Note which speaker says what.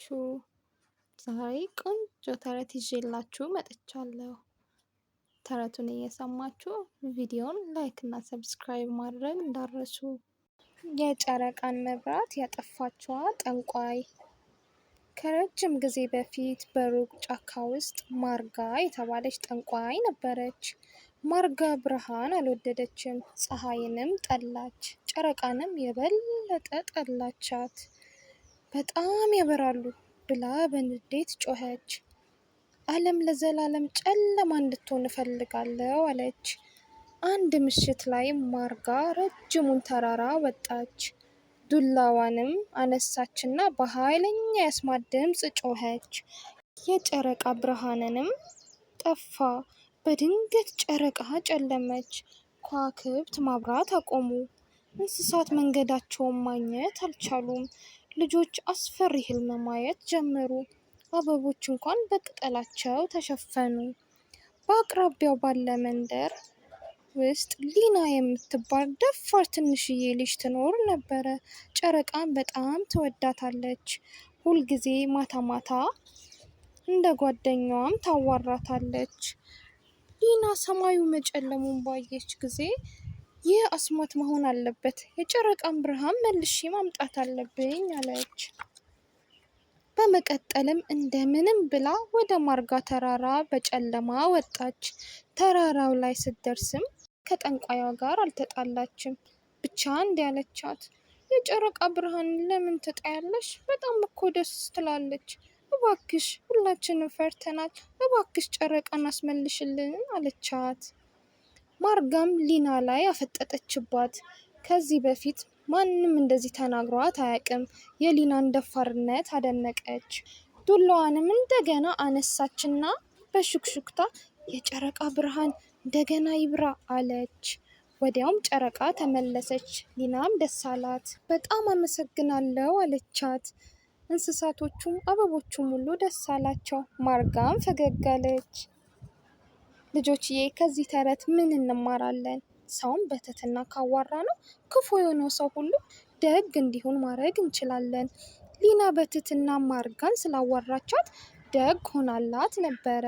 Speaker 1: ናችሁ? ዛሬ ቆንጆ ተረት ይዤላችሁ መጥቻለሁ። ተረቱን እየሰማችሁ ቪዲዮን ላይክ እና ሰብስክራይብ ማድረግ እንዳረሱ። የጨረቃን መብራት ያጠፋችዋ ጠንቋይ። ከረጅም ጊዜ በፊት በሩቅ ጫካ ውስጥ ማርጋ የተባለች ጠንቋይ ነበረች። ማርጋ ብርሃን አልወደደችም፣ ፀሐይንም ጠላች፣ ጨረቃንም የበለጠ ጠላቻት። በጣም ያበራሉ ብላ በንዴት ጮኸች። ዓለም ለዘላለም ጨለማ እንድትሆን እፈልጋለሁ አለች። አንድ ምሽት ላይ ማርጋ ረጅሙን ተራራ ወጣች። ዱላዋንም አነሳችና በኃይለኛ የአስማት ድምፅ ጮኸች። የጨረቃ ብርሃንንም ጠፋ። በድንገት ጨረቃ ጨለመች። ከዋክብት ማብራት አቆሙ። እንስሳት መንገዳቸውን ማግኘት አልቻሉም። ልጆች አስፈሪ ህልም ማየት ጀመሩ። አበቦች እንኳን በቅጠላቸው ተሸፈኑ። በአቅራቢያው ባለ መንደር ውስጥ ሊና የምትባል ደፋር ትንሽዬ ልጅ ትኖር ነበረ። ጨረቃን በጣም ትወዳታለች። ሁልጊዜ ማታ ማታ እንደ ጓደኛዋም ታዋራታለች። ሊና ሰማዩ መጨለሙን ባየች ጊዜ ይህ አስማት መሆን አለበት። የጨረቃን ብርሃን መልሼ ማምጣት አለብኝ አለች። በመቀጠልም እንደምንም ብላ ወደ ማርጋ ተራራ በጨለማ ወጣች። ተራራው ላይ ስትደርስም ከጠንቋያ ጋር አልተጣላችም። ብቻ እንዲህ አለቻት፣ የጨረቃ ብርሃን ለምን ትጣያለሽ? በጣም እኮ ደስ ትላለች። እባክሽ ሁላችንም ፈርተናል። እባክሽ ጨረቃን አስመልሽልን አለቻት። ማርጋም ሊና ላይ አፈጠጠችባት። ከዚህ በፊት ማንም እንደዚህ ተናግሯት አያውቅም። የሊናን ደፋርነት አደነቀች። ዱላዋንም እንደገና አነሳችና በሹክሹክታ የጨረቃ ብርሃን እንደገና ይብራ አለች። ወዲያውም ጨረቃ ተመለሰች። ሊናም ደስ አላት። በጣም አመሰግናለሁ አለቻት። እንስሳቶቹም አበቦቹም ሁሉ ደስ አላቸው። ማርጋም ፈገግ አለች። ልጆችዬ ከዚህ ተረት ምን እንማራለን? ሰውን በትህትና ካዋራ ነው ክፉ የሆነው ሰው ሁሉ ደግ እንዲሆን ማድረግ እንችላለን። ሊና በትህትና ማርጋን ስላዋራቻት ደግ ሆናላት ነበረ።